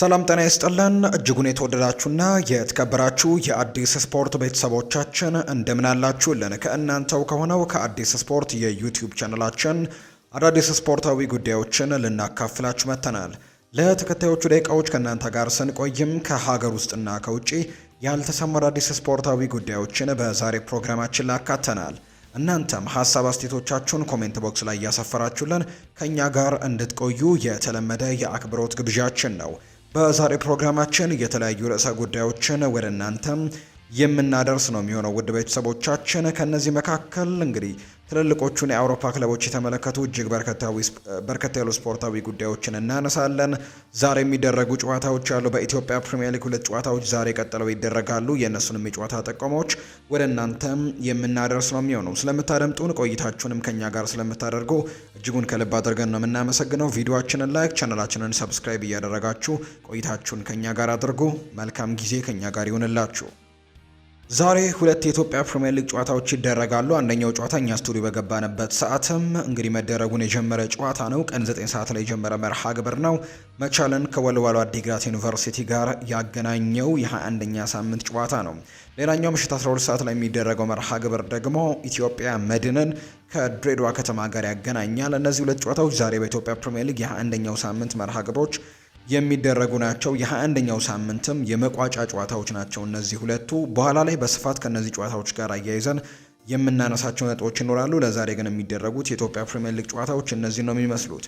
ሰላም ጤና ይስጥልን እጅጉን የተወደዳችሁና የተከበራችሁ የአዲስ ስፖርት ቤተሰቦቻችን እንደምናላችሁልን ከእናንተው ከሆነው ከአዲስ ስፖርት የዩቲዩብ ቻነላችን አዳዲስ ስፖርታዊ ጉዳዮችን ልናካፍላችሁ መጥተናል። ለተከታዮቹ ደቂቃዎች ከእናንተ ጋር ስንቆይም ከሀገር ውስጥና ከውጭ ያልተሰሙ አዳዲስ ስፖርታዊ ጉዳዮችን በዛሬ ፕሮግራማችን ላካተናል። እናንተም ሀሳብ አስቴቶቻችሁን ኮሜንት ቦክስ ላይ እያሰፈራችሁልን ከእኛ ጋር እንድትቆዩ የተለመደ የአክብሮት ግብዣችን ነው። በዛሬ ፕሮግራማችን የተለያዩ ርዕሰ ጉዳዮችን ወደ እናንተም የምናደርስ ነው የሚሆነው ውድ ቤተሰቦቻችን። ከእነዚህ መካከል እንግዲህ ትልልቆቹን የአውሮፓ ክለቦች የተመለከቱ እጅግ በርከት ያሉ ስፖርታዊ ጉዳዮችን እናነሳለን። ዛሬ የሚደረጉ ጨዋታዎች አሉ። በኢትዮጵያ ፕሪምየር ሊግ ሁለት ጨዋታዎች ዛሬ ቀጥለው ይደረጋሉ። የእነሱንም የጨዋታ ጠቆማዎች ወደ እናንተም የምናደርስ ነው የሚሆነው። ስለምታደምጡን ቆይታችሁንም ከኛ ጋር ስለምታደርጉ እጅጉን ከልብ አድርገን ነው የምናመሰግነው። ቪዲዮችንን ላይክ፣ ቻናላችንን ሰብስክራይብ እያደረጋችሁ ቆይታችሁን ከኛ ጋር አድርጉ። መልካም ጊዜ ከኛ ጋር ይሆንላችሁ። ዛሬ ሁለት የኢትዮጵያ ፕሪምየር ሊግ ጨዋታዎች ይደረጋሉ። አንደኛው ጨዋታ እኛ ስቱዲዮ በገባንበት ሰዓትም እንግዲህ መደረጉን የጀመረ ጨዋታ ነው። ቀን 9 ሰዓት ላይ የጀመረ መርሃ ግብር ነው። መቻልን ከወልዋሎ አዲግራት ዩኒቨርሲቲ ጋር ያገናኘው የ21ኛ ሳምንት ጨዋታ ነው። ሌላኛው ምሽት 12 ሰዓት ላይ የሚደረገው መርሃ ግብር ደግሞ ኢትዮጵያ መድንን ከድሬዳዋ ከተማ ጋር ያገናኛል። እነዚህ ሁለት ጨዋታዎች ዛሬ በኢትዮጵያ ፕሪምየር ሊግ የ21ኛው ሳምንት መርሃ ግብሮች የሚደረጉ ናቸው። የ21ኛው ሳምንትም የመቋጫ ጨዋታዎች ናቸው እነዚህ ሁለቱ። በኋላ ላይ በስፋት ከእነዚህ ጨዋታዎች ጋር አያይዘን የምናነሳቸው ነጥቦች ይኖራሉ። ለዛሬ ግን የሚደረጉት የኢትዮጵያ ፕሪምየር ሊግ ጨዋታዎች እነዚህ ነው የሚመስሉት።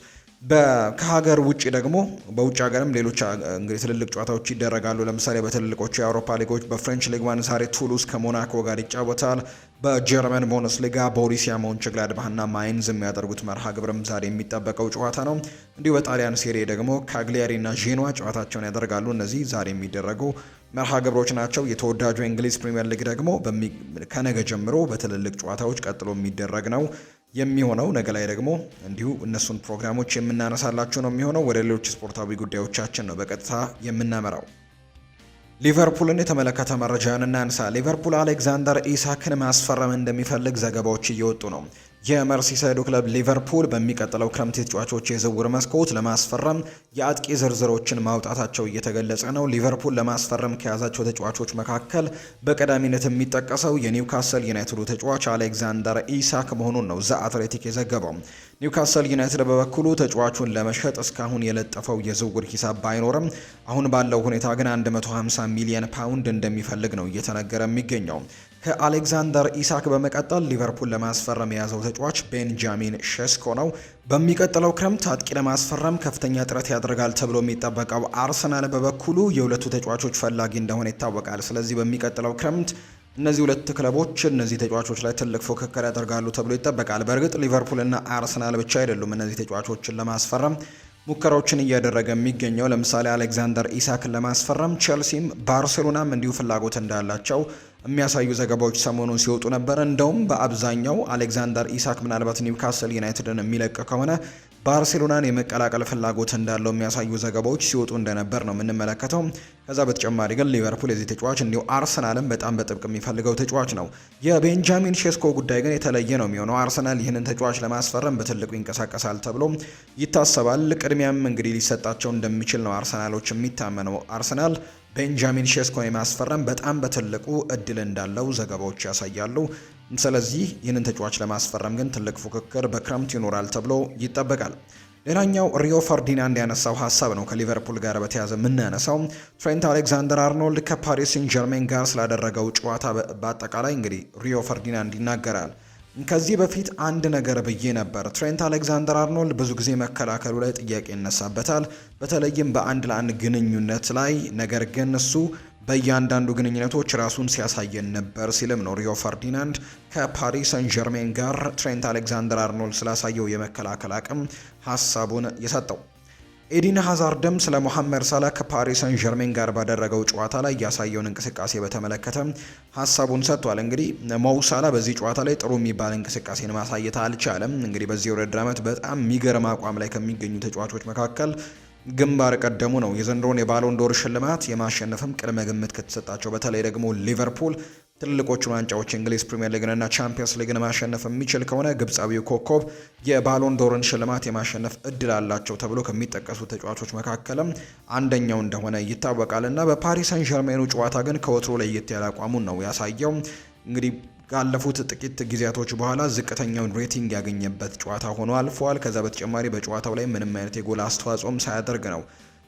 ከሀገር ውጭ ደግሞ በውጭ ሀገርም ሌሎች እንግዲህ ትልልቅ ጨዋታዎች ይደረጋሉ። ለምሳሌ በትልልቆቹ የአውሮፓ ሊጎች በፍሬንች ሊግ ዋን ዛሬ ቱሉስ ከሞናኮ ጋር ይጫወታል። በጀርመን ቡንደስሊጋ ቦሪሲያ ሞንቸግላድባህና ማይንዝ የሚያደርጉት መርሃ ግብርም ዛሬ የሚጠበቀው ጨዋታ ነው። እንዲሁ በጣሊያን ሴሬ ደግሞ ካግሊያሪና ዤኗ ጨዋታቸውን ያደርጋሉ። እነዚህ ዛሬ የሚደረጉ መርሃ ግብሮች ናቸው። የተወዳጁ የእንግሊዝ ፕሪምየር ሊግ ደግሞ ከነገ ጀምሮ በትልልቅ ጨዋታዎች ቀጥሎ የሚደረግ ነው። የሚሆነው። ነገ ላይ ደግሞ እንዲሁ እነሱን ፕሮግራሞች የምናነሳላችሁ ነው የሚሆነው። ወደ ሌሎች ስፖርታዊ ጉዳዮቻችን ነው በቀጥታ የምናመራው። ሊቨርፑልን የተመለከተ መረጃን እናንሳ። ሊቨርፑል አሌክዛንደር ኢሳክን ማስፈረም እንደሚፈልግ ዘገባዎች እየወጡ ነው። የመርሲሳይዶ ክለብ ሊቨርፑል በሚቀጥለው ክረምት የተጫዋቾች የዝውውር መስኮት ለማስፈረም የአጥቂ ዝርዝሮችን ማውጣታቸው እየተገለጸ ነው። ሊቨርፑል ለማስፈረም ከያዛቸው ተጫዋቾች መካከል በቀዳሚነት የሚጠቀሰው የኒውካስል ዩናይትዱ ተጫዋች አሌክዛንደር ኢሳክ መሆኑን ነው ዘ አትሌቲክ የዘገበው። ኒውካስል ዩናይትድ በበኩሉ ተጫዋቹን ለመሸጥ እስካሁን የለጠፈው የዝውውር ሂሳብ ባይኖርም አሁን ባለው ሁኔታ ግን 150 ሚሊየን ፓውንድ እንደሚፈልግ ነው እየተነገረ የሚገኘው። ከአሌክዛንደር ኢሳክ በመቀጠል ሊቨርፑል ለማስፈረም የያዘው ተጫዋች ቤንጃሚን ሼስኮ ነው። በሚቀጥለው ክረምት አጥቂ ለማስፈረም ከፍተኛ ጥረት ያደርጋል ተብሎ የሚጠበቀው አርሰናል በበኩሉ የሁለቱ ተጫዋቾች ፈላጊ እንደሆነ ይታወቃል። ስለዚህ በሚቀጥለው ክረምት እነዚህ ሁለት ክለቦች እነዚህ ተጫዋቾች ላይ ትልቅ ፉክክር ያደርጋሉ ተብሎ ይጠበቃል። በእርግጥ ሊቨርፑልና አርሰናል ብቻ አይደሉም እነዚህ ተጫዋቾችን ለማስፈረም ሙከራዎችን እያደረገ የሚገኘው ለምሳሌ አሌክዛንደር ኢሳክን ለማስፈረም ቼልሲም ባርሴሎናም እንዲሁ ፍላጎት እንዳላቸው የሚያሳዩ ዘገባዎች ሰሞኑን ሲወጡ ነበር። እንደውም በአብዛኛው አሌክዛንደር ኢሳክ ምናልባት ኒውካስል ዩናይትድን የሚለቅ ከሆነ ባርሴሎናን የመቀላቀል ፍላጎት እንዳለው የሚያሳዩ ዘገባዎች ሲወጡ እንደነበር ነው የምንመለከተው። ከዛ በተጨማሪ ግን ሊቨርፑል የዚህ ተጫዋች እንዲሁ አርሰናልን በጣም በጥብቅ የሚፈልገው ተጫዋች ነው። የቤንጃሚን ሼስኮ ጉዳይ ግን የተለየ ነው የሚሆነው። አርሰናል ይህንን ተጫዋች ለማስፈረም በትልቁ ይንቀሳቀሳል ተብሎ ይታሰባል። ቅድሚያም እንግዲህ ሊሰጣቸው እንደሚችል ነው አርሰናሎች የሚታመነው አርሰናል ቤንጃሚን ሼስኮን የማስፈረም በጣም በትልቁ እድል እንዳለው ዘገባዎች ያሳያሉ። ስለዚህ ይህንን ተጫዋች ለማስፈረም ግን ትልቅ ፉክክር በክረምት ይኖራል ተብሎ ይጠበቃል። ሌላኛው ሪዮ ፈርዲናንድ ያነሳው ሀሳብ ነው። ከሊቨርፑል ጋር በተያያዘ የምናነሳው ትሬንት አሌክዛንደር አርኖልድ ከፓሪስ ሴን ጀርሜን ጋር ስላደረገው ጨዋታ በአጠቃላይ እንግዲህ ሪዮ ፈርዲናንድ ይናገራል። ከዚህ በፊት አንድ ነገር ብዬ ነበር። ትሬንት አሌክዛንደር አርኖልድ ብዙ ጊዜ መከላከሉ ላይ ጥያቄ ይነሳበታል፣ በተለይም በአንድ ለአንድ ግንኙነት ላይ። ነገር ግን እሱ በእያንዳንዱ ግንኙነቶች ራሱን ሲያሳየን ነበር ሲልም ነው ሪዮ ፈርዲናንድ ከፓሪስ ሰን ጀርሜን ጋር ትሬንት አሌክዛንደር አርኖልድ ስላሳየው የመከላከል አቅም ሀሳቡን የሰጠው። ኤዲን ሀዛርድም ስለ ሞሐመድ ሳላ ከፓሪስ ሰን ዠርሜን ጋር ባደረገው ጨዋታ ላይ ያሳየውን እንቅስቃሴ በተመለከተ ሀሳቡን ሰጥቷል። እንግዲህ መውሳላ በዚህ ጨዋታ ላይ ጥሩ የሚባል እንቅስቃሴን ማሳየት አልቻለም። እንግዲህ በዚህ ውድድር ዓመት በጣም የሚገርም አቋም ላይ ከሚገኙ ተጫዋቾች መካከል ግንባር ቀደሙ ነው። የዘንድሮን የባሎንዶር ሽልማት የማሸነፍም ቅድመ ግምት ከተሰጣቸው በተለይ ደግሞ ሊቨርፑል ትልልቆቹን ዋንጫዎች እንግሊዝ ፕሪምየር ሊግንና ቻምፒየንስ ሊግን ማሸነፍ የሚችል ከሆነ ግብፃዊው ኮከብ የባሎን ዶርን ሽልማት የማሸነፍ እድል አላቸው ተብሎ ከሚጠቀሱ ተጫዋቾች መካከልም አንደኛው እንደሆነ ይታወቃል እና በፓሪስ ሰን ጀርሜኑ ጨዋታ ግን ከወትሮ ለየት ያለ አቋሙን ነው ያሳየው። እንግዲህ ካለፉት ጥቂት ጊዜያቶች በኋላ ዝቅተኛውን ሬቲንግ ያገኘበት ጨዋታ ሆኖ አልፏል። ከዛ በተጨማሪ በጨዋታው ላይ ምንም አይነት የጎል አስተዋጽኦም ሳያደርግ ነው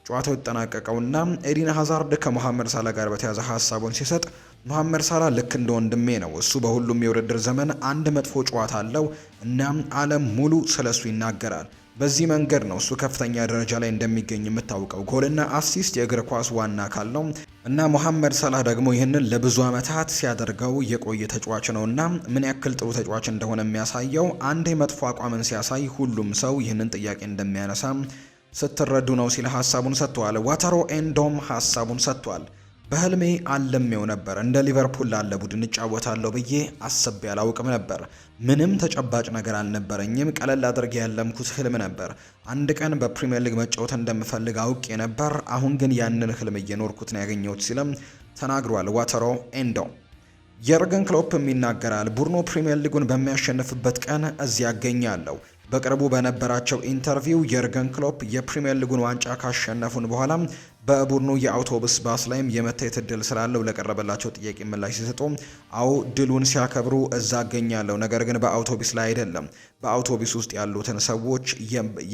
ጨዋታው የተጠናቀቀውና ኤዲን ሀዛርድ ከሞሐመድ ሳላ ጋር በተያዘ ሀሳቡን ሲሰጥ መሐመድ ሳላ ልክ እንደ ወንድሜ ነው። እሱ በሁሉም የውድድር ዘመን አንድ መጥፎ ጨዋታ አለው፣ እናም ዓለም ሙሉ ስለሱ ይናገራል። በዚህ መንገድ ነው እሱ ከፍተኛ ደረጃ ላይ እንደሚገኝ የምታውቀው። ጎልና አሲስት የእግር ኳስ ዋና አካል ነው እና ሞሐመድ ሰላህ ደግሞ ይህንን ለብዙ ዓመታት ሲያደርገው የቆየ ተጫዋች ነው እና ምን ያክል ጥሩ ተጫዋች እንደሆነ የሚያሳየው አንድ የመጥፎ አቋምን ሲያሳይ ሁሉም ሰው ይህንን ጥያቄ እንደሚያነሳ ስትረዱ ነው ሲል ሀሳቡን ሰጥቷል። ዋተሮ ኤንዶም ሀሳቡን ሰጥቷል። በህልሜ አልሜው ነበር እንደ ሊቨርፑል ላለ ቡድን እጫወታለሁ ብዬ አስቤ አላውቅም ነበር። ምንም ተጨባጭ ነገር አልነበረኝም። ቀለል አድርጌ ያለምኩት ህልም ነበር። አንድ ቀን በፕሪምየር ሊግ መጫወት እንደምፈልግ አውቄ ነበር። አሁን ግን ያንን ህልም እየኖርኩት ነው ያገኘሁት ሲልም ተናግሯል ዋተሮ ኤንዶ። የርገን ክሎፕም ይናገራል። ቡድኑ ፕሪምየር ሊጉን በሚያሸንፍበት ቀን እዚያ ያገኛለሁ። በቅርቡ በነበራቸው ኢንተርቪው የርገን ክሎፕ የፕሪምየር ሊጉን ዋንጫ ካሸነፉን በኋላ በቡድኑ የአውቶቡስ ባስ ላይም የመታየት እድል ስላለው ለቀረበላቸው ጥያቄ ምላሽ ሲሰጡ አው ድሉን ሲያከብሩ እዛ አገኛለሁ፣ ነገር ግን በአውቶቡስ ላይ አይደለም። በአውቶቡስ ውስጥ ያሉትን ሰዎች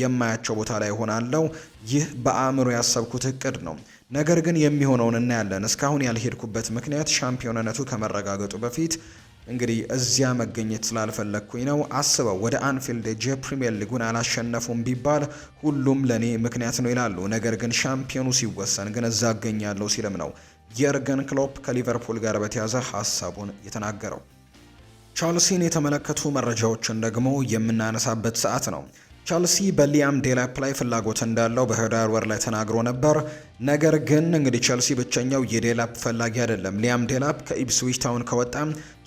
የማያቸው ቦታ ላይ ሆናለው። ይህ በአእምሮ ያሰብኩት እቅድ ነው። ነገር ግን የሚሆነውን እናያለን። እስካሁን ያልሄድኩበት ምክንያት ሻምፒዮንነቱ ከመረጋገጡ በፊት እንግዲህ እዚያ መገኘት ስላልፈለግኩኝ ነው። አስበው ወደ አንፊልድ ጀ ፕሪምየር ሊጉን አላሸነፉም ቢባል ሁሉም ለእኔ ምክንያት ነው ይላሉ። ነገር ግን ሻምፒዮኑ ሲወሰን ግን እዛ እገኛለሁ ሲልም ነው የርገን ክሎፕ ከሊቨርፑል ጋር በተያዘ ሀሳቡን የተናገረው። ቻልሲን የተመለከቱ መረጃዎችን ደግሞ የምናነሳበት ሰዓት ነው። ቸልሲ በሊያም ዴላፕ ላይ ፍላጎት እንዳለው በህዳር ወር ላይ ተናግሮ ነበር። ነገር ግን እንግዲህ ቸልሲ ብቸኛው የዴላፕ ፈላጊ አይደለም። ሊያም ዴላፕ ከኢፕስዊች ታውን ከወጣ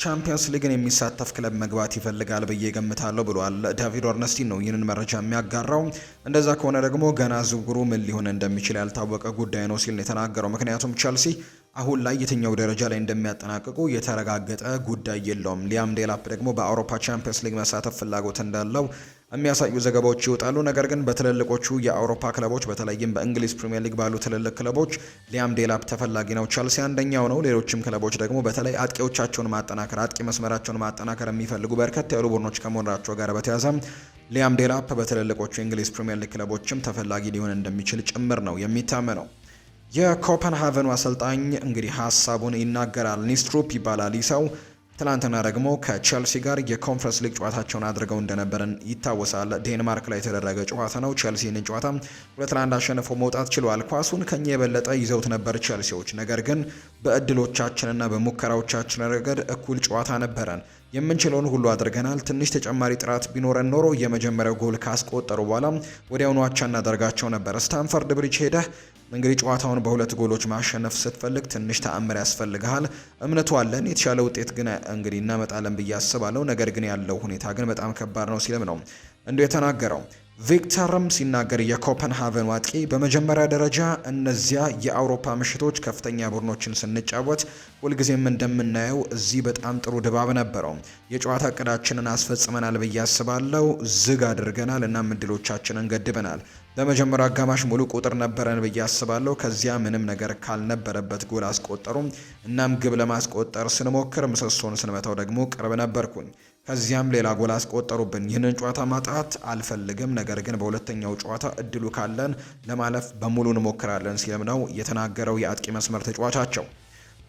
ቻምፒየንስ ሊግን የሚሳተፍ ክለብ መግባት ይፈልጋል ብዬ ገምታለሁ ብሏል። ዳቪድ ኦርነስቲን ነው ይህንን መረጃ የሚያጋራው። እንደዛ ከሆነ ደግሞ ገና ዝውውሩ ምን ሊሆን እንደሚችል ያልታወቀ ጉዳይ ነው ሲል ነው የተናገረው። ምክንያቱም ቸልሲ አሁን ላይ የትኛው ደረጃ ላይ እንደሚያጠናቅቁ የተረጋገጠ ጉዳይ የለውም። ሊያም ዴላፕ ደግሞ በአውሮፓ ቻምፒየንስ ሊግ መሳተፍ ፍላጎት እንዳለው የሚያሳዩ ዘገባዎች ይወጣሉ። ነገር ግን በትልልቆቹ የአውሮፓ ክለቦች በተለይም በእንግሊዝ ፕሪምየር ሊግ ባሉ ትልልቅ ክለቦች ሊያም ዴላፕ ተፈላጊ ነው። ቸልሲ አንደኛው ነው። ሌሎችም ክለቦች ደግሞ በተለይ አጥቂዎቻቸውን ማጠናከር አጥቂ መስመራቸውን ማጠናከር የሚፈልጉ በርከት ያሉ ቡድኖች ከመሆናቸው ጋር በተያያዘ ሊያም ዴላፕ በትልልቆቹ የእንግሊዝ ፕሪምየር ሊግ ክለቦችም ተፈላጊ ሊሆን እንደሚችል ጭምር ነው የሚታመነው። የኮፐንሃቨኑ አሰልጣኝ እንግዲህ ሀሳቡን ይናገራል። ኒስትሩፕ ይባላል ይሰው ትላንትና ደግሞ ከቼልሲ ጋር የኮንፈረንስ ሊግ ጨዋታቸውን አድርገው እንደነበረን ይታወሳል። ዴንማርክ ላይ የተደረገ ጨዋታ ነው። ቼልሲንን ጨዋታ ሁለት ለአንድ አሸንፎ መውጣት ችሏል። ኳሱን ከኛ የበለጠ ይዘውት ነበር ቼልሲዎች፣ ነገር ግን በእድሎቻችንና በሙከራዎቻችን ረገድ እኩል ጨዋታ ነበረን። የምንችለውን ሁሉ አድርገናል። ትንሽ ተጨማሪ ጥራት ቢኖረን ኖሮ የመጀመሪያው ጎል ካስቆጠሩ በኋላ ወዲያውኑ አቻ እናደርጋቸው ነበር። ስታንፈርድ ብሪጅ ሄደህ እንግዲህ ጨዋታውን በሁለት ጎሎች ማሸነፍ ስትፈልግ ትንሽ ተአምር ያስፈልግሃል። እምነቱ አለን፣ የተሻለ ውጤት ግን እንግዲህ እናመጣለን ብዬ አስባለሁ። ነገር ግን ያለው ሁኔታ ግን በጣም ከባድ ነው ሲልም ነው እንዲሁ የተናገረው። ቪክተርም ሲናገር የኮፐንሃቨን አጥቂ በመጀመሪያ ደረጃ እነዚያ የአውሮፓ ምሽቶች ከፍተኛ ቡድኖችን ስንጫወት ሁልጊዜም እንደምናየው እዚህ በጣም ጥሩ ድባብ ነበረው። የጨዋታ እቅዳችንን አስፈጽመናል ብዬ አስባለሁ። ዝግ አድርገናል እና ምድሎቻችንን ገድበናል። በመጀመሪያው አጋማሽ ሙሉ ቁጥር ነበረን ብዬ አስባለሁ። ከዚያ ምንም ነገር ካልነበረበት ጎል አስቆጠሩም። እናም ግብ ለማስቆጠር ስንሞክር ምሰሶን ስንመታው ደግሞ ቅርብ ነበርኩኝ። ከዚያም ሌላ ጎል አስቆጠሩብን። ይህንን ጨዋታ ማጣት አልፈልግም፣ ነገር ግን በሁለተኛው ጨዋታ እድሉ ካለን ለማለፍ በሙሉ እንሞክራለን ሲልም ነው የተናገረው የአጥቂ መስመር ተጫዋቻቸው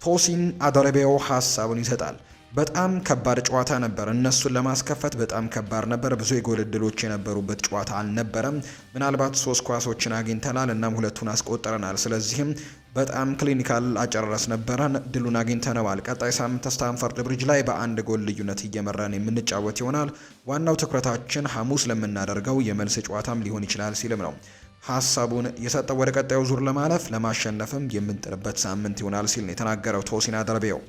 ቶሲን አደረቤዮ ሀሳቡን ይሰጣል። በጣም ከባድ ጨዋታ ነበር። እነሱን ለማስከፈት በጣም ከባድ ነበር። ብዙ የጎል እድሎች የነበሩበት ጨዋታ አልነበረም። ምናልባት ሶስት ኳሶችን አግኝተናል፣ እናም ሁለቱን አስቆጥረናል። ስለዚህም በጣም ክሊኒካል አጨራረስ ነበረን። ድሉን አግኝተነዋል። ቀጣይ ሳምንት ስታንፈርድ ብሪጅ ላይ በአንድ ጎል ልዩነት እየመራን የምንጫወት ይሆናል። ዋናው ትኩረታችን ሐሙስ ለምናደርገው የመልስ ጨዋታም ሊሆን ይችላል ሲልም ነው ሀሳቡን የሰጠው። ወደ ቀጣዩ ዙር ለማለፍ ለማሸነፍም የምንጥርበት ሳምንት ይሆናል ሲል ነው የተናገረው ቶሲና ደርቤው።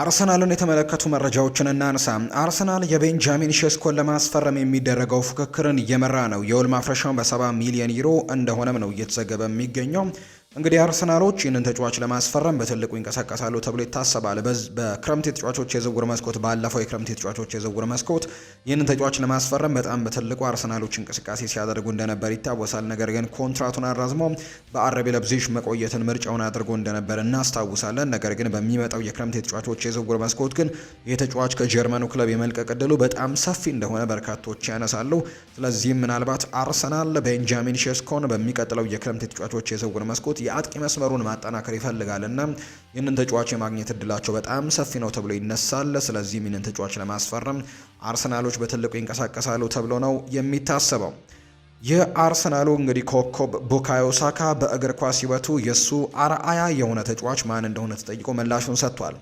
አርሰናልን የተመለከቱ መረጃዎችን እናንሳ። አርሰናል የቤንጃሚን ሼስኮን ለማስፈረም የሚደረገው ፉክክርን እየመራ ነው። የውል ማፍረሻውን በ70 ሚሊዮን ዩሮ እንደሆነም ነው እየተዘገበ የሚገኘው። እንግዲህ አርሰናሎች ይህንን ተጫዋች ለማስፈረም በትልቁ ይንቀሳቀሳሉ ተብሎ ይታሰባል። በክረምት የተጫዋቾች የዝውውር መስኮት ባለፈው የክረምት የተጫዋቾች የዝውውር መስኮት ይህንን ተጫዋች ለማስፈረም በጣም በትልቁ አርሰናሎች እንቅስቃሴ ሲያደርጉ እንደነበር ይታወሳል። ነገር ግን ኮንትራቱን አራዝሞ በአረቤ ለብዜሽ መቆየትን ምርጫውን አድርጎ እንደነበር እናስታውሳለን። ነገር ግን በሚመጣው የክረምት የተጫዋቾች የዝውውር መስኮት ግን ይህ ተጫዋች ከጀርመኑ ክለብ የመልቀቅ እድሉ በጣም ሰፊ እንደሆነ በርካቶች ያነሳሉ። ስለዚህም ምናልባት አርሰናል ቤንጃሚን ሼስኮን በሚቀጥለው የክረምት የተጫዋቾች የዝውውር መስኮት የአጥቂ መስመሩን ማጠናከር ይፈልጋል እና ይህንን ተጫዋች የማግኘት እድላቸው በጣም ሰፊ ነው ተብሎ ይነሳል። ስለዚህም ይህንን ተጫዋች ለማስፈረም አርሰናሎች በትልቁ ይንቀሳቀሳሉ ተብሎ ነው የሚታሰበው። የአርሰናሉ እንግዲህ ኮከብ ቡካዮ ሳካ በእግር ኳስ ሕይወቱ የእሱ አርአያ የሆነ ተጫዋች ማን እንደሆነ ተጠይቆ ምላሹን ሰጥቷል።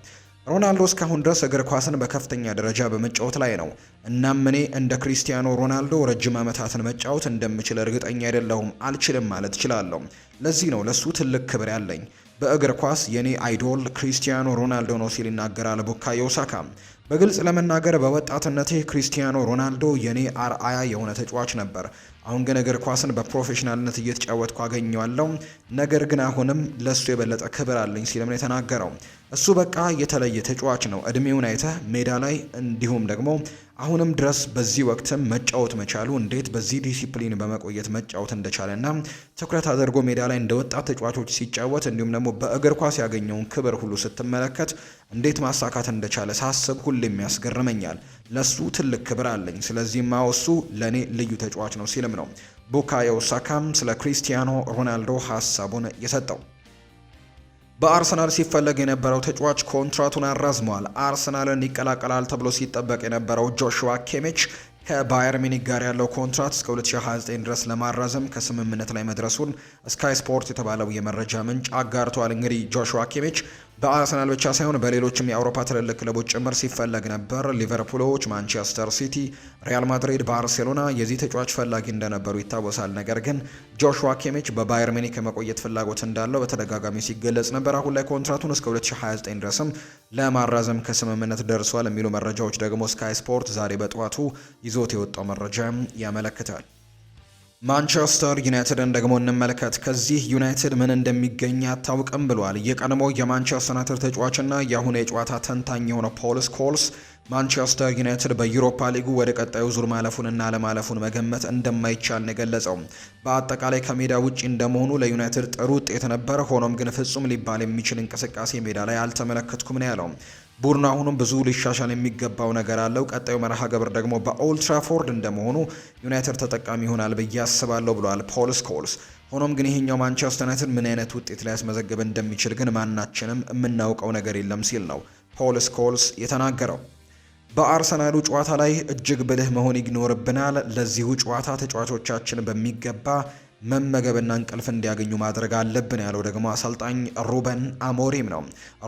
ሮናልዶ እስካሁን ድረስ እግር ኳስን በከፍተኛ ደረጃ በመጫወት ላይ ነው። እናም እኔ እንደ ክሪስቲያኖ ሮናልዶ ረጅም ዓመታትን መጫወት እንደምችል እርግጠኛ አይደለሁም። አልችልም ማለት እችላለሁ። ለዚህ ነው ለሱ ትልቅ ክብር ያለኝ። በእግር ኳስ የኔ አይዶል ክሪስቲያኖ ሮናልዶ ነው ሲል ይናገራል ቡካዮ ሳካ። በግልጽ ለመናገር በወጣትነቴ ክሪስቲያኖ ሮናልዶ የኔ አርአያ የሆነ ተጫዋች ነበር። አሁን ግን እግር ኳስን በፕሮፌሽናልነት እየተጫወትኩ አገኘዋለሁ። ነገር ግን አሁንም ለሱ የበለጠ ክብር አለኝ ሲልም ነው የተናገረው። እሱ በቃ የተለየ ተጫዋች ነው። እድሜውን አይተህ ሜዳ ላይ እንዲሁም ደግሞ አሁንም ድረስ በዚህ ወቅትም መጫወት መቻሉ እንዴት በዚህ ዲሲፕሊን በመቆየት መጫወት እንደቻለና ትኩረት አድርጎ ሜዳ ላይ እንደ ወጣት ተጫዋቾች ሲጫወት እንዲሁም ደግሞ በእግር ኳስ ያገኘውን ክብር ሁሉ ስትመለከት እንዴት ማሳካት እንደቻለ ሳስብ ሁሌም ያስገርመኛል። ለሱ ትልቅ ክብር አለኝ። ስለዚህ ማወሱ ለእኔ ልዩ ተጫዋች ነው ሲልም ነው ቡካዮ ሳካም ስለ ክሪስቲያኖ ሮናልዶ ሀሳቡን የሰጠው። በአርሰናል ሲፈለግ የነበረው ተጫዋች ኮንትራቱን አራዝመዋል። አርሰናልን ይቀላቀላል ተብሎ ሲጠበቅ የነበረው ጆሹዋ ኬሚች ከባየር ሚኒክ ጋር ያለው ኮንትራት እስከ 2029 ድረስ ለማራዘም ከስምምነት ላይ መድረሱን ስካይ ስፖርት የተባለው የመረጃ ምንጭ አጋርተዋል። እንግዲህ ጆሹዋ ኪሚች በአርሰናል ብቻ ሳይሆን በሌሎችም የአውሮፓ ትልልቅ ክለቦች ጭምር ሲፈለግ ነበር። ሊቨርፑሎች፣ ማንቸስተር ሲቲ፣ ሪያል ማድሪድ፣ ባርሴሎና የዚህ ተጫዋች ፈላጊ እንደነበሩ ይታወሳል። ነገር ግን ጆሹዋ ኬሜች በባየር ሚኒክ የመቆየት ፍላጎት እንዳለው በተደጋጋሚ ሲገለጽ ነበር። አሁን ላይ ኮንትራቱን እስከ 2029 ድረስም ለማራዘም ከስምምነት ደርሷል የሚሉ መረጃዎች ደግሞ ስካይ ስፖርት ዛሬ በጠዋቱ ይዞት የወጣው መረጃ ያመለክታል። ማንቸስተር ዩናይትድን ደግሞ እንመልከት። ከዚህ ዩናይትድ ምን እንደሚገኝ አታውቅም ብሏል። የቀድሞ የማንቸስተር ዩናይትድ ተጫዋችና የአሁኑ የጨዋታ ተንታኝ የሆነው ፖል ስኮልስ ማንቸስተር ዩናይትድ በዩሮፓ ሊጉ ወደ ቀጣዩ ዙር ማለፉንና ለማለፉን መገመት እንደማይቻል ነው የገለጸው። በአጠቃላይ ከሜዳ ውጪ እንደመሆኑ ለዩናይትድ ጥሩ ውጤት ነበር፣ ሆኖም ግን ፍጹም ሊባል የሚችል እንቅስቃሴ ሜዳ ላይ አልተመለከትኩም ነው ያለው። ቡድኑ አሁንም ብዙ ሊሻሻል የሚገባው ነገር አለው። ቀጣዩ መርሃ ግብር ደግሞ በኦልትራፎርድ እንደመሆኑ ዩናይትድ ተጠቃሚ ይሆናል ብዬ አስባለሁ ብለዋል ፖል ስኮልስ። ሆኖም ግን ይሄኛው ማንቸስተር ዩናይትድ ምን አይነት ውጤት ሊያስመዘግብ እንደሚችል ግን ማናችንም የምናውቀው ነገር የለም ሲል ነው ፖል ስኮልስ የተናገረው። በአርሰናሉ ጨዋታ ላይ እጅግ ብልህ መሆን ይኖርብናል። ለዚሁ ጨዋታ ተጫዋቾቻችን በሚገባ መመገብና እንቅልፍ እንዲያገኙ ማድረግ አለብን ያለው ደግሞ አሰልጣኝ ሩበን አሞሪም ነው።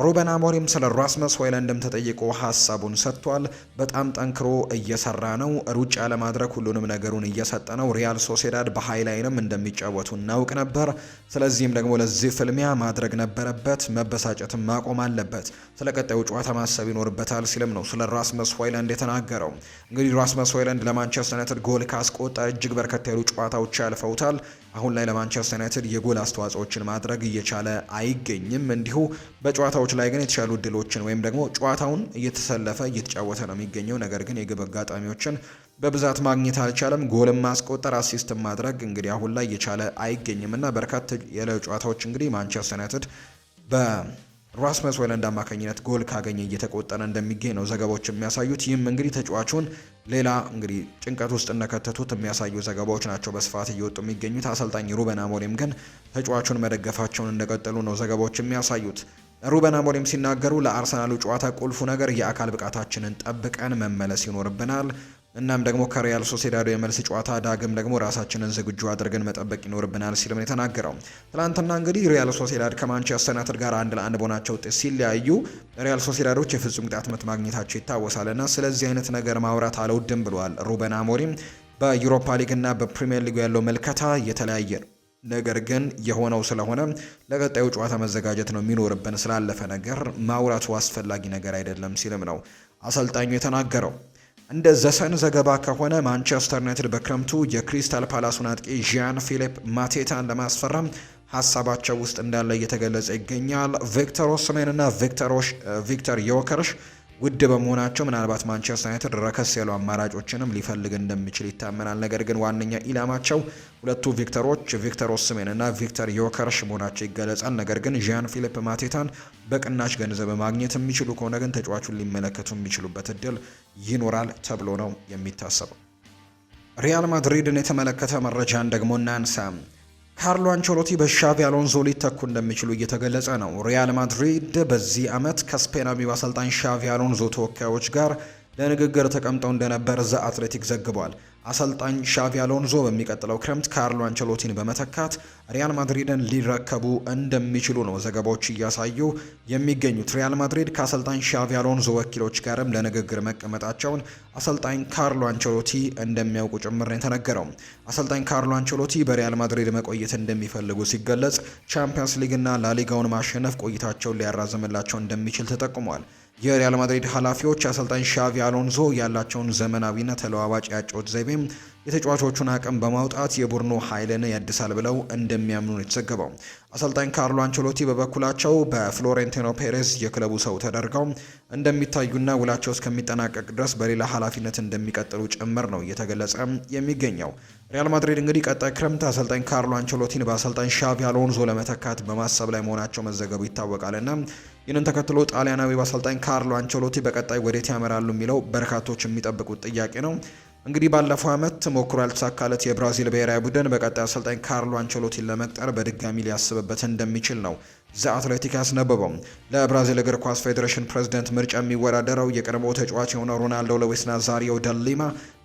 ሩበን አሞሪም ስለ ራስመስ ሆይለንድም ተጠይቆ ሀሳቡን ሰጥቷል። በጣም ጠንክሮ እየሰራ ነው። ሩጫ ለማድረግ ሁሉንም ነገሩን እየሰጠ ነው። ሪያል ሶሴዳድ በሀይ ላይንም እንደሚጫወቱ እናውቅ ነበር። ስለዚህም ደግሞ ለዚህ ፍልሚያ ማድረግ ነበረበት፣ መበሳጨትም ማቆም አለበት፣ ስለ ቀጣዩ ጨዋታ ማሰብ ይኖርበታል ሲልም ነው ስለ ራስመስ ሆይለንድ የተናገረው። እንግዲህ ራስመስ ሆይለንድ ለማንቸስተር ዩናይትድ ጎል ካስቆጠረ እጅግ በርከት ያሉ ጨዋታዎች ያልፈውታል። አሁን ላይ ለማንቸስተር ዩናይትድ የጎል አስተዋጽኦችን ማድረግ እየቻለ አይገኝም። እንዲሁ በጨዋታዎች ላይ ግን የተሻሉ እድሎችን ወይም ደግሞ ጨዋታውን እየተሰለፈ እየተጫወተ ነው የሚገኘው። ነገር ግን የግብ አጋጣሚዎችን በብዛት ማግኘት አልቻለም። ጎልም ማስቆጠር፣ አሲስት ማድረግ እንግዲህ አሁን ላይ እየቻለ አይገኝም እና በርካታ የለ ጨዋታዎች እንግዲህ ማንቸስተር ዩናይትድ በ ራስመስ ሆይሉንድ አማካኝነት ጎል ካገኘ እየተቆጠረ እንደሚገኝ ነው ዘገባዎች የሚያሳዩት። ይህም እንግዲህ ተጫዋቹን ሌላ እንግዲህ ጭንቀት ውስጥ እንደከተቱት የሚያሳዩ ዘገባዎች ናቸው በስፋት እየወጡ የሚገኙት። አሰልጣኝ ሩበን አሞሪም ግን ተጫዋቹን መደገፋቸውን እንደቀጠሉ ነው ዘገባዎች የሚያሳዩት። ሩበን አሞሪም ሲናገሩ ለአርሰናሉ ጨዋታ ቁልፉ ነገር የአካል ብቃታችንን ጠብቀን መመለስ ይኖርብናል። እናም ደግሞ ከሪያል ሶሴዳዶ የመልስ ጨዋታ ዳግም ደግሞ ራሳችንን ዝግጁ አድርገን መጠበቅ ይኖርብናል ሲልም ነው የተናገረው። ትላንትና እንግዲህ ሪያል ሶሴዳድ ከማንቸስተር ዩናይትድ ጋር አንድ ለአንድ በሆናቸው ውጤት ሲለያዩ ሪያል ሶሴዳዶች የፍጹም ቅጣት ምት ማግኘታቸው ይታወሳል እና ስለዚህ አይነት ነገር ማውራት አለውድም ብለዋል ሩበን አሞሪም። በዩሮፓ ሊግ ሊግና በፕሪምየር ሊጉ ያለው መልከታ የተለያየ ነው ነገር ግን የሆነው ስለሆነ ለቀጣዩ ጨዋታ መዘጋጀት ነው የሚኖርብን ስላለፈ ነገር ማውራቱ አስፈላጊ ነገር አይደለም ሲልም ነው አሰልጣኙ የተናገረው። እንደ ዘሰን ዘገባ ከሆነ ማንቸስተር ዩናይትድ በክረምቱ የክሪስታል ፓላሱን አጥቂ ዣን ፊሊፕ ማቴታን ለማስፈረም ሀሳባቸው ውስጥ እንዳለ እየተገለጸ ይገኛል። ቪክተር ኦስሜን እና ቪክተር ዮከርሽ ውድ በመሆናቸው ምናልባት ማንቸስተር ዩናይትድ ረከስ ያሉ አማራጮችንም ሊፈልግ እንደሚችል ይታመናል። ነገር ግን ዋነኛ ኢላማቸው ሁለቱ ቪክተሮች ቪክተር ኦስሜን እና ቪክተር ዮከርሽ መሆናቸው ይገለጻል። ነገር ግን ዣን ፊሊፕ ማቴታን በቅናሽ ገንዘብ ማግኘት የሚችሉ ከሆነ ግን ተጫዋቹን ሊመለከቱ የሚችሉበት እድል ይኖራል ተብሎ ነው የሚታሰበው። ሪያል ማድሪድን የተመለከተ መረጃን ደግሞ እናንሳ። ካርሎ አንቸሎቲ በሻቪ አሎንሶ ሊተኩ እንደሚችሉ እየተገለጸ ነው። ሪያል ማድሪድ በዚህ ዓመት ከስፔናዊው አሰልጣኝ ሻቪ አሎንሶ ተወካዮች ጋር ለንግግር ተቀምጠው እንደነበር ዘ አትሌቲክ ዘግቧል። አሰልጣኝ ሻቪ አሎንዞ በሚቀጥለው ክረምት ካርሎ አንቸሎቲን በመተካት ሪያል ማድሪድን ሊረከቡ እንደሚችሉ ነው ዘገባዎች እያሳዩ የሚገኙት። ሪያል ማድሪድ ከአሰልጣኝ ሻቪ አሎንዞ ወኪሎች ጋርም ለንግግር መቀመጣቸውን አሰልጣኝ ካርሎ አንቸሎቲ እንደሚያውቁ ጭምር ነው የተነገረው። አሰልጣኝ ካርሎ አንቸሎቲ በሪያል ማድሪድ መቆየት እንደሚፈልጉ ሲገለጽ፣ ቻምፒየንስ ሊግና ላሊጋውን ማሸነፍ ቆይታቸውን ሊያራዝምላቸው እንደሚችል ተጠቁሟል። የሪያል ማድሪድ ኃላፊዎች አሰልጣኝ ሻቪ አሎንዞ ያላቸውን ዘመናዊና ተለዋዋጭ ያጮት ዘይቤም የተጫዋቾቹን አቅም በማውጣት የቡድኑ ኃይልን ያድሳል ብለው እንደሚያምኑ ነው የተዘገበው። አሰልጣኝ ካርሎ አንቸሎቲ በበኩላቸው በፍሎሬንቲኖ ፔሬዝ የክለቡ ሰው ተደርገው እንደሚታዩና ውላቸው እስከሚጠናቀቅ ድረስ በሌላ ኃላፊነት እንደሚቀጥሉ ጭምር ነው እየተገለጸ የሚገኘው። ሪያል ማድሪድ እንግዲህ ቀጣይ ክረምት አሰልጣኝ ካርሎ አንቸሎቲን በአሰልጣኝ ሻቪ አሎንዞ ለመተካት በማሰብ ላይ መሆናቸው መዘገቡ ይታወቃልና ይህንን ተከትሎ ጣሊያናዊ አሰልጣኝ ካርሎ አንቸሎቲ በቀጣይ ወዴት ያመራሉ የሚለው በርካቶች የሚጠብቁት ጥያቄ ነው። እንግዲህ ባለፈው አመት ተሞክሮ ያልተሳካለት የብራዚል ብሔራዊ ቡድን በቀጣይ አሰልጣኝ ካርሎ አንቸሎቲን ለመቅጠር በድጋሚ ሊያስብበት እንደሚችል ነው ዘ አትሌቲክ ያስነበበው። ለብራዚል እግር ኳስ ፌዴሬሽን ፕሬዝዳንት ምርጫ የሚወዳደረው የቀድሞ ተጫዋች የሆነው ሮናልዶ ሉዊስ ናዛሪዮ ደሊማ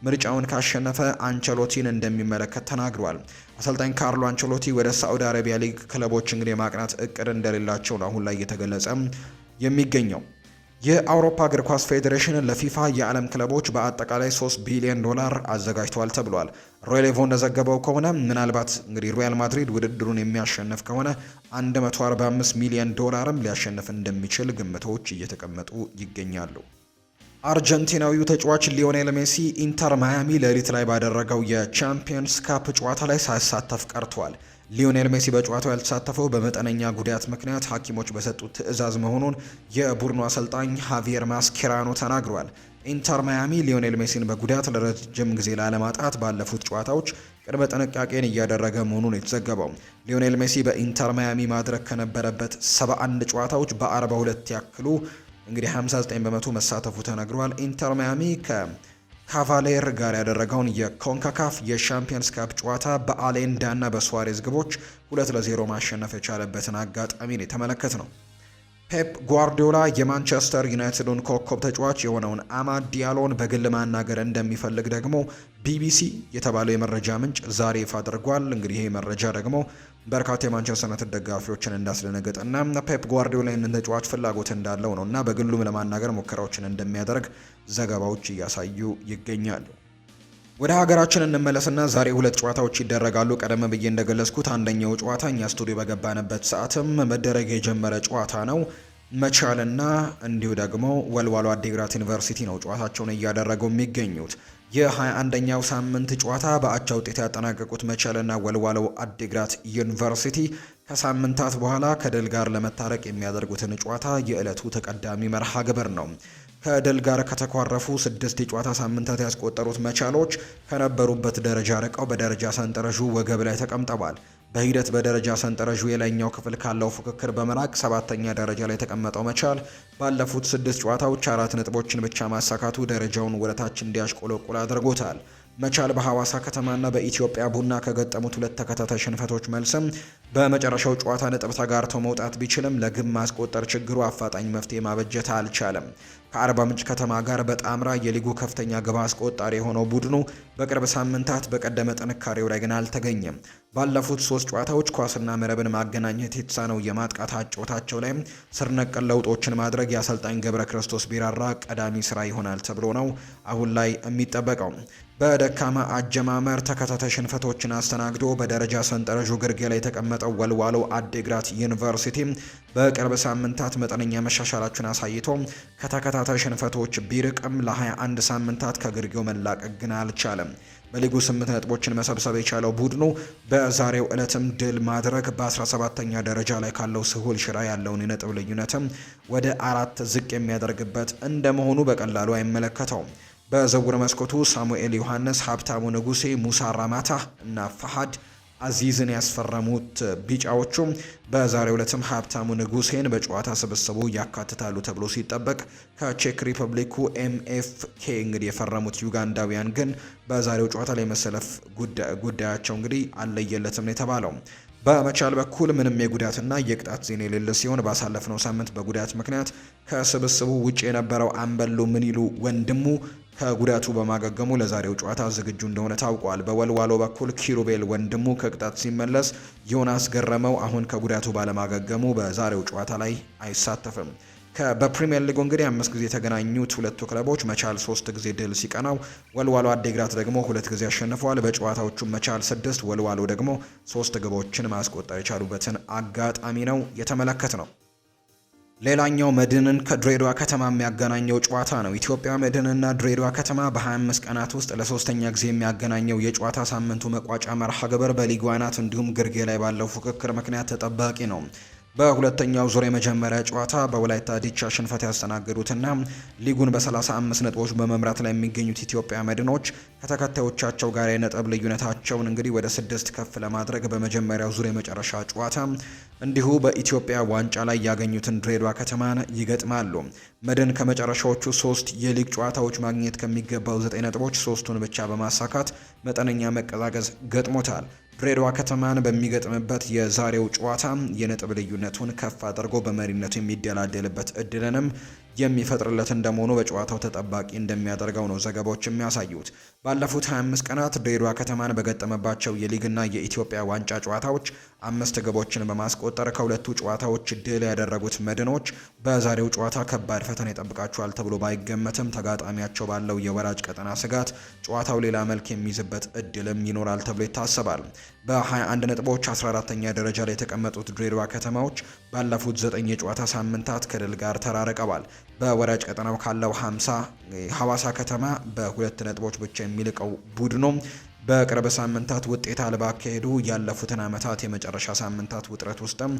ምርጫውን ካሸነፈ አንቸሎቲን እንደሚመለከት ተናግሯል። አሰልጣኝ ካርሎ አንቸሎቲ ወደ ሳዑዲ አረቢያ ሊግ ክለቦች እንግዲህ የማቅናት እቅድ እንደሌላቸው ነው አሁን ላይ እየተገለጸ የሚገኘው። የአውሮፓ እግር ኳስ ፌዴሬሽን ለፊፋ የዓለም ክለቦች በአጠቃላይ 3 ቢሊዮን ዶላር አዘጋጅተዋል ተብሏል። ሮሌቮ እንደዘገበው ከሆነ ምናልባት እንግዲህ ሪያል ማድሪድ ውድድሩን የሚያሸንፍ ከሆነ 145 ሚሊዮን ዶላርም ሊያሸንፍ እንደሚችል ግምቶች እየተቀመጡ ይገኛሉ። አርጀንቲናዊው ተጫዋች ሊዮኔል ሜሲ ኢንተር ማያሚ ሌሊት ላይ ባደረገው የቻምፒየንስ ካፕ ጨዋታ ላይ ሳይሳተፍ ቀርቷል። ሊዮኔል ሜሲ በጨዋታው ያልተሳተፈው በመጠነኛ ጉዳት ምክንያት ሐኪሞች በሰጡት ትዕዛዝ መሆኑን የቡድኑ አሰልጣኝ ሃቪየር ማስኬራኖ ተናግሯል። ኢንተር ማያሚ ሊዮኔል ሜሲን በጉዳት ለረጅም ጊዜ ላለማጣት ባለፉት ጨዋታዎች ቅድመ ጥንቃቄን እያደረገ መሆኑን የተዘገበው ሊዮኔል ሜሲ በኢንተር ማያሚ ማድረግ ከነበረበት 71 ጨዋታዎች በ42 ያክሉ እንግዲህ 59 በመቶ መሳተፉ ተነግሯል። ኢንተር ማያሚ ከ ካቫሌር ጋር ያደረገውን የኮንካካፍ የሻምፒየንስ ካፕ ጨዋታ በአሌንዳ እና በሱዋሬዝ ግቦች ሁለት ለዜሮ ማሸነፍ የቻለበትን አጋጣሚን የተመለከት ነው። ፔፕ ጓርዲዮላ የማንቸስተር ዩናይትዱን ኮከብ ተጫዋች የሆነውን አማድ ዲያሎን በግል ማናገር እንደሚፈልግ ደግሞ ቢቢሲ የተባለው የመረጃ ምንጭ ዛሬ ይፋ አድርጓል። እንግዲህ ይህ መረጃ ደግሞ በርካታ የማንቸስተር ዩናይትድ ደጋፊዎችን እንዳስደነገጠና ፔፕ ጓርዲዮላ ይህንን ተጫዋች ፍላጎት እንዳለው ነው እና በግሉም ለማናገር ሙከራዎችን እንደሚያደርግ ዘገባዎች እያሳዩ ይገኛሉ። ወደ ሀገራችን እንመለስና ዛሬ ሁለት ጨዋታዎች ይደረጋሉ። ቀደም ብዬ እንደገለጽኩት አንደኛው ጨዋታ እኛ ስቱዲዮ በገባንበት ሰዓትም መደረግ የጀመረ ጨዋታ ነው። መቻልና እንዲሁ ደግሞ ወልዋሎ አዲግራት ዩኒቨርሲቲ ነው ጨዋታቸውን እያደረጉ የሚገኙት። የ21ኛው ሳምንት ጨዋታ በአቻ ውጤት ያጠናቀቁት መቻልና ወልዋሎ አዲግራት ዩኒቨርሲቲ ከሳምንታት በኋላ ከድል ጋር ለመታረቅ የሚያደርጉትን ጨዋታ የዕለቱ ተቀዳሚ መርሃ ግብር ነው። ከድል ጋር ከተኳረፉ ስድስት የጨዋታ ሳምንታት ያስቆጠሩት መቻሎች ከነበሩበት ደረጃ ርቀው በደረጃ ሰንጠረዡ ወገብ ላይ ተቀምጠዋል። በሂደት በደረጃ ሰንጠረዡ የላይኛው ክፍል ካለው ፉክክር በመራቅ ሰባተኛ ደረጃ ላይ የተቀመጠው መቻል ባለፉት ስድስት ጨዋታዎች አራት ነጥቦችን ብቻ ማሳካቱ ደረጃውን ወደታች እንዲያሽቆለቁል አድርጎታል። መቻል በሐዋሳ ከተማና በኢትዮጵያ ቡና ከገጠሙት ሁለት ተከታታይ ሽንፈቶች መልስም በመጨረሻው ጨዋታ ነጥብ ተጋርተው መውጣት ቢችልም ለግብ ማስቆጠር ችግሩ አፋጣኝ መፍትሄ ማበጀት አልቻለም። ከአርባ ምንጭ ከተማ ጋር በጣምራ የሊጉ ከፍተኛ ግብ አስቆጣሪ የሆነው ቡድኑ በቅርብ ሳምንታት በቀደመ ጥንካሬው ላይ ግን አልተገኘም። ባለፉት ሶስት ጨዋታዎች ኳስና መረብን ማገናኘት የተሳነው የማጥቃት አጨዋወታቸው ላይ ስር ለውጦችን ማድረግ የአሰልጣኝ ገብረ ክርስቶስ ቢራራ ቀዳሚ ስራ ይሆናል ተብሎ ነው አሁን ላይ የሚጠበቀው። በደካማ አጀማመር ተከታታይ ሽንፈቶችን አስተናግዶ በደረጃ ሰንጠረዡ ግርጌ ላይ የተቀመጠው ወልዋሎ አዴግራት ዩኒቨርሲቲ በቅርብ ሳምንታት መጠነኛ መሻሻላችን አሳይቶ ከተከታታይ ሽንፈቶች ቢርቅም ለ21 ሳምንታት ከግርጌው መላቀቅ ግን አልቻለም። በሊጉ ስምንት ነጥቦችን መሰብሰብ የቻለው ቡድኑ በዛሬው ዕለትም ድል ማድረግ በ17ተኛ ደረጃ ላይ ካለው ስሁል ሽራ ያለውን የነጥብ ልዩነትም ወደ አራት ዝቅ የሚያደርግበት እንደመሆኑ በቀላሉ አይመለከተውም። በዝውውር መስኮቱ ሳሙኤል ዮሐንስ፣ ሀብታሙ ንጉሴ፣ ሙሳ ራማታ እና ፈሃድ አዚዝን ያስፈረሙት ቢጫዎቹ በዛሬው ዕለትም ሀብታሙ ንጉሴን በጨዋታ ስብስቡ ያካትታሉ ተብሎ ሲጠበቅ ከቼክ ሪፐብሊኩ ኤምኤፍኬ እንግዲህ የፈረሙት ዩጋንዳውያን ግን በዛሬው ጨዋታ ላይ መሰለፍ ጉዳያቸው እንግዲህ አለየለትም ነው የተባለው። በመቻል በኩል ምንም የጉዳትና የቅጣት ዜና የሌለ ሲሆን ባሳለፍነው ሳምንት በጉዳት ምክንያት ከስብስቡ ውጭ የነበረው አምበሉ ይሉ ወንድሙ ከጉዳቱ በማገገሙ ለዛሬው ጨዋታ ዝግጁ እንደሆነ ታውቋል። በወልዋሎ በኩል ኪሩቤል ወንድሙ ከቅጣት ሲመለስ፣ ዮናስ ገረመው አሁን ከጉዳቱ ባለማገገሙ በዛሬው ጨዋታ ላይ አይሳተፍም። በፕሪሚየር ሊጉ እንግዲህ አምስት ጊዜ የተገናኙት ሁለቱ ክለቦች መቻል ሶስት ጊዜ ድል ሲቀናው ወልዋሎ አዴግራት ደግሞ ሁለት ጊዜ አሸንፈዋል። በጨዋታዎቹ መቻል ስድስት ወልዋሎ ደግሞ ሶስት ግቦችን ማስቆጠር የቻሉበትን አጋጣሚ ነው የተመለከት ነው። ሌላኛው መድንን ከድሬዳዋ ከተማ የሚያገናኘው ጨዋታ ነው። ኢትዮጵያ መድንና ድሬዳዋ ከተማ በ25 ቀናት ውስጥ ለሶስተኛ ጊዜ የሚያገናኘው የጨዋታ ሳምንቱ መቋጫ መርሃ ግብር በሊግ አናት እንዲሁም ግርጌ ላይ ባለው ፉክክር ምክንያት ተጠባቂ ነው። በሁለተኛው ዙር የመጀመሪያ ጨዋታ በወላይታ ዲቻ ሽንፈት ያስተናገዱትና ሊጉን በ35 ነጥቦች በመምራት ላይ የሚገኙት ኢትዮጵያ መድኖች ከተከታዮቻቸው ጋር የነጥብ ልዩነታቸውን እንግዲህ ወደ ስድስት ከፍ ለማድረግ በመጀመሪያው ዙር የመጨረሻ ጨዋታ እንዲሁ በኢትዮጵያ ዋንጫ ላይ ያገኙትን ድሬዳዋ ከተማን ይገጥማሉ። መድን ከመጨረሻዎቹ ሶስት የሊግ ጨዋታዎች ማግኘት ከሚገባው ዘጠኝ ነጥቦች ሶስቱን ብቻ በማሳካት መጠነኛ መቀዛቀዝ ገጥሞታል። ድሬዳዋ ከተማን በሚገጥምበት የዛሬው ጨዋታ የነጥብ ልዩነቱን ከፍ አድርጎ በመሪነቱ የሚደላደልበት እድልንም የሚፈጥርለት እንደመሆኑ በጨዋታው ተጠባቂ እንደሚያደርገው ነው ዘገባዎች የሚያሳዩት። ባለፉት 25 ቀናት ድሬዳዋ ከተማን በገጠመባቸው የሊግና የኢትዮጵያ ዋንጫ ጨዋታዎች አምስት ግቦችን በማስቆጠር ከሁለቱ ጨዋታዎች ድል ያደረጉት መድኖች በዛሬው ጨዋታ ከባድ ፈተና ይጠብቃቸዋል ተብሎ ባይገመትም ተጋጣሚያቸው ባለው የወራጅ ቀጠና ስጋት ጨዋታው ሌላ መልክ የሚይዝበት እድልም ይኖራል ተብሎ ይታሰባል። በ21 ነጥቦች 14ተኛ ደረጃ ላይ የተቀመጡት ድሬዳዋ ከተማዎች ባለፉት 9 የጨዋታ ሳምንታት ከድል ጋር ተራርቀዋል። በወራጅ ቀጠናው ካለው 50 ሐዋሳ ከተማ በሁለት ነጥቦች ብቻ የሚልቀው ቡድኑ በቅርብ ሳምንታት ውጤት አልባ አካሄዱ ያለፉትን ዓመታት የመጨረሻ ሳምንታት ውጥረት ውስጥም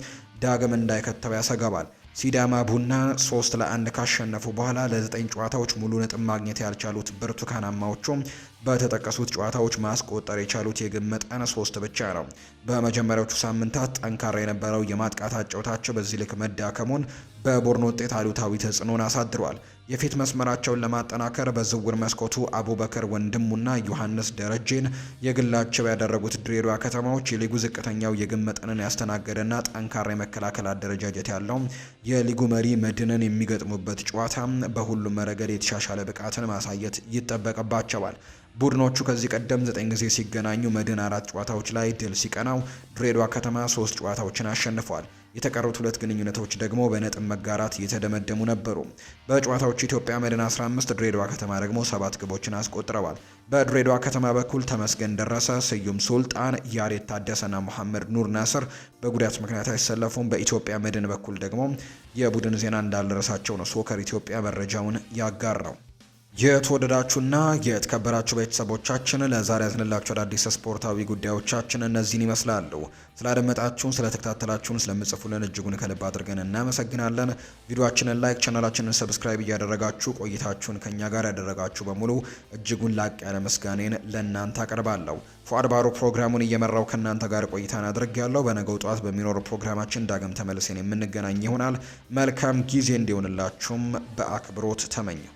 ዳግም እንዳይከተው ያሰጋባል። ሲዳማ ቡና ሶስት ለአንድ ካሸነፉ በኋላ ለዘጠኝ ጨዋታዎች ሙሉ ነጥብ ማግኘት ያልቻሉት ብርቱካናማዎቹም በተጠቀሱት ጨዋታዎች ማስቆጠር የቻሉት የግብ መጠን ሶስት ብቻ ነው። በመጀመሪያዎቹ ሳምንታት ጠንካራ የነበረው የማጥቃት ጨዋታቸው በዚህ ልክ መዳከሙን በቡድኑ ውጤት አሉታዊ ተጽዕኖን አሳድሯል። የፊት መስመራቸውን ለማጠናከር በዝውውር መስኮቱ አቡበከር ወንድሙና ዮሐንስ ደረጄን የግላቸው ያደረጉት ድሬዳዋ ከተማዎች የሊጉ ዝቅተኛው የግብ መጠንን ያስተናገደና ጠንካራ የመከላከል አደረጃጀት ያለው የሊጉ መሪ መድንን የሚገጥሙበት ጨዋታ በሁሉም ረገድ የተሻሻለ ብቃትን ማሳየት ይጠበቅባቸዋል። ቡድኖቹ ከዚህ ቀደም ዘጠኝ ጊዜ ሲገናኙ መድን አራት ጨዋታዎች ላይ ድል ሲቀናው፣ ድሬዳዋ ከተማ ሶስት ጨዋታዎችን አሸንፏል። የተቀሩት ሁለት ግንኙነቶች ደግሞ በነጥብ መጋራት እየተደመደሙ ነበሩ። በጨዋታዎች ኢትዮጵያ መድን 15 ድሬዳዋ ከተማ ደግሞ ሰባት ግቦችን አስቆጥረዋል። በድሬዳዋ ከተማ በኩል ተመስገን ደረሰ፣ ስዩም ሱልጣን፣ ያሬት ታደሰና መሐመድ ኑር ናስር በጉዳት ምክንያት አይሰለፉም። በኢትዮጵያ መድን በኩል ደግሞ የቡድን ዜና እንዳልደረሳቸው ነው ሶከር ኢትዮጵያ መረጃውን ያጋራው። የተወደዳችሁና የተከበራችሁ ቤተሰቦቻችን ለዛሬ ያዝንላችሁ አዳዲስ ስፖርታዊ ጉዳዮቻችን እነዚህን ይመስላሉ። ስላደመጣችሁን፣ ስለተከታተላችሁን፣ ስለምጽፉልን እጅጉን ከልብ አድርገን እናመሰግናለን። ቪዲዮችንን ላይክ፣ ቻናላችንን ሰብስክራይብ እያደረጋችሁ ቆይታችሁን ከእኛ ጋር ያደረጋችሁ በሙሉ እጅጉን ላቅ ያለ ምስጋኔን ለእናንተ አቀርባለሁ። ፏድ ባሮ ፕሮግራሙን እየመራው ከእናንተ ጋር ቆይታን አድርግ ያለው። በነገው ጠዋት በሚኖር ፕሮግራማችን ዳግም ተመልሰን የምንገናኝ ይሆናል። መልካም ጊዜ እንዲሆንላችሁም በአክብሮት ተመኘው።